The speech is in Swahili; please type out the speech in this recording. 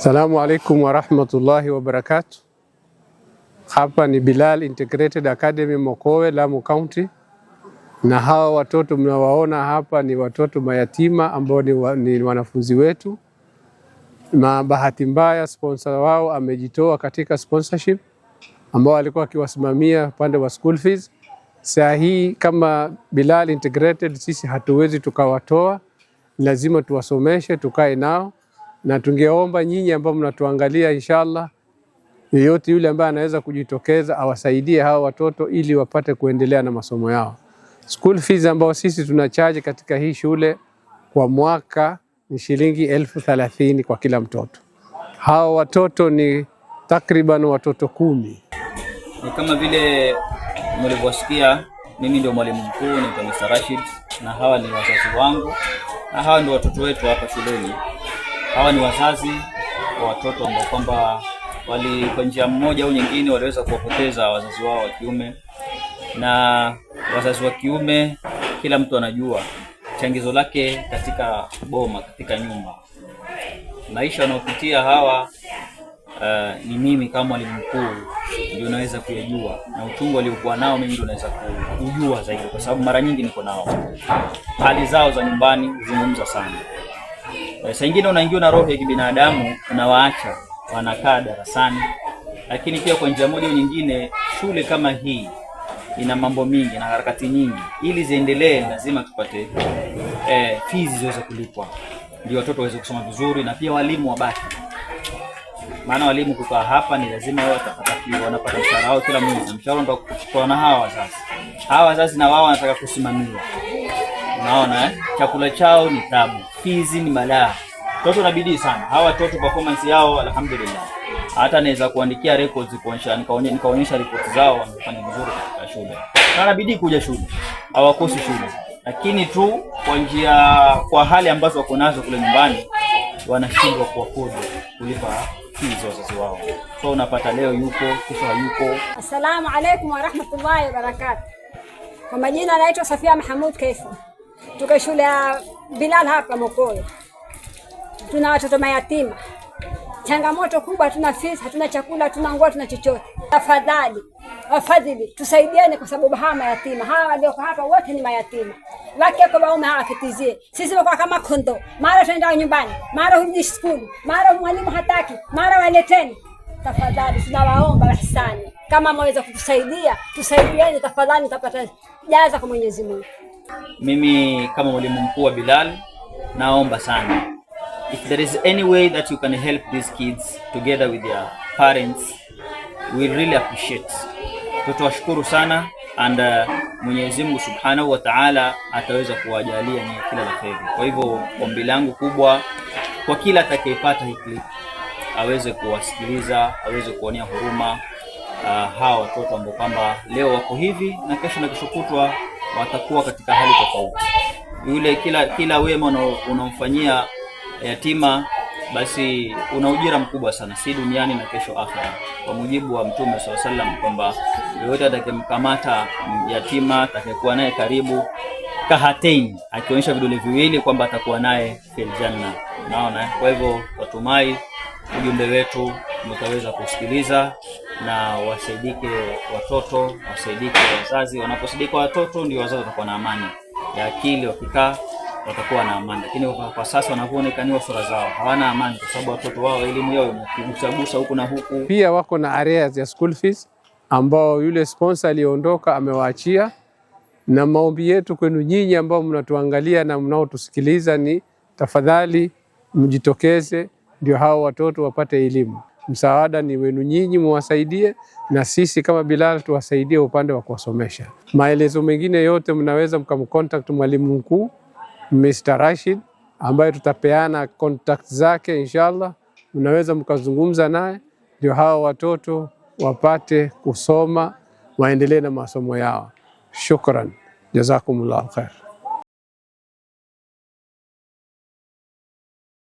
Salamu alaikum warahmatullahi wabarakatu. Hapa ni Bilal Integrated Academy Mokowe, Lamu County, na hawa watoto mnawaona hapa ni watoto mayatima ambao ni, wa, ni wanafunzi wetu, na bahati mbaya sponsor wao amejitoa katika sponsorship ambao alikuwa akiwasimamia upande wa school fees. Saa hii kama Bilal Integrated sisi hatuwezi tukawatoa, lazima tuwasomeshe, tukae nao na tungeomba nyinyi ambao mnatuangalia, inshallah, yeyote yule ambaye anaweza kujitokeza awasaidie hawa watoto ili wapate kuendelea na masomo yao. School fees ambao sisi tunachaji katika hii shule kwa mwaka ni shilingi elfu thalathini kwa kila mtoto. Hawa watoto ni takriban watoto kumi. Ni kama vile mlivyosikia, mimi ndio mwalimu mkuu, ni Mr. Rashid, na hawa ni wazazi wangu, na hawa ndio watoto wetu hapa shuleni hawa ni wazazi wa watoto ambao kwamba wali kwa njia mmoja au nyingine waliweza kuwapoteza wazazi wao wa kiume, na wazazi wa kiume kila mtu anajua changizo lake katika boma, katika nyumba. Maisha wanaopitia hawa uh, ni mimi kama mwalimu mkuu ndio naweza kuyajua, na uchungu waliokuwa nao mimi ndio naweza kujua zaidi, kwa sababu mara nyingi niko nao. Hali zao za nyumbani zungumza sana. Saa ingine unaingiwa na roho ya kibinadamu, unawaacha wanakaa darasani, lakini pia kwa njia moja nyingine, shule kama hii ina mambo mingi na harakati nyingi. Ili ziendelee, lazima tupate eh, fees ziweze kulipwa, ndio watoto waweze kusoma vizuri, na pia walimu wabaki, maana walimu kukaa hapa ni lazima wao watapata fee, wanapata mshahara wao kila mwezi, mshahara ndio kutoa na hawa wazazi. Hawa wazazi na wao wanataka kusimamiwa. Unaona, eh? chakula chao ni tabu, fizi ni balaa. Watoto na bidii sana hawa watoto, performance yao alhamdulillah. Hata naweza kuandikia records kuonyesha, nikaonyesha records zao, wamefanya vizuri katika shule na na bidii kuja shule, hawakosi shule, lakini tu kwa njia, kwa hali ambazo wako nazo kule nyumbani, wanashindwa kuwakodo kulipa hizo wazazi wao. So unapata leo yuko kesho hayuko. Assalamu alaykum wa rahmatullahi wa barakatuh. Kwa majina anaitwa Safia Mahamud Kaifu tuko shule ya Bilal hapa Mokoyo, tuna watoto mayatima. Changamoto kubwa, hatuna fees, hatuna chakula, hatuna nguo, hatuna chochote. Tafadhali wafadhili, tusaidiane kwa sababu hawa mayatima hawa walioko hapa wote ni mayatima, wake kwa baume hawa kitizie sisi kwa kama kondo, mara tunaenda nyumbani, mara huji shule, mara mwalimu hataki, mara waleteni. Tafadhali tunawaomba wahisani, kama mwaweza kutusaidia tusaidieni tafadhali, tutapata jaza kwa Mwenyezi Mungu. Mimi kama mwalimu mkuu wa Bilal naomba sana, if there is any way that you can help these kids together with their parents we really appreciate. Tutawashukuru sana and uh, Mwenyezi Mungu Subhanahu wa Ta'ala ataweza kuwajalia ni kila la kheri. Kwa hivyo ombi langu kubwa kwa kila atakayepata hii clip aweze kuwasikiliza, aweze kuonea huruma uh, hawa watoto ambao kwamba leo wako hivi na kesho na kesho kutwa watakuwa katika hali tofauti. Yule kila kila wema unaomfanyia yatima basi una ujira mkubwa sana, si duniani na kesho akhera, kwa mujibu wa Mtume swalla sallam kwamba yoyote atakemkamata yatima atakayekuwa naye karibu kahatain, akionyesha vidole viwili kwamba atakuwa naye fil janna. Unaona, kwa hivyo watumai ujumbe wetu mtaweza kusikiliza na wasaidike watoto, wasaidike wazazi. Wanaposaidika watoto, ndio wazazi watakuwa na amani ya akili, wakikaa watakuwa na amani. Lakini kwa sasa wanavyoonekaniwa sura zao hawana amani, kwa sababu watoto wao elimu yao imekugusagusa huku na huku. Pia wako na areas ya school fees ambao yule sponsor aliyeondoka amewaachia, na maombi yetu kwenu nyinyi ambao mnatuangalia na mnaotusikiliza ni tafadhali mjitokeze, ndio hao watoto wapate elimu msaada ni wenu nyinyi, muwasaidie na sisi kama Bilal tuwasaidie upande wa kuwasomesha. Maelezo mengine yote mnaweza mkamcontact mwalimu mkuu Mr. Rashid ambaye tutapeana contact zake inshallah, mnaweza mkazungumza naye ndio hawa watoto wapate kusoma waendelee na masomo yao. Shukran, jazakumullahu khair.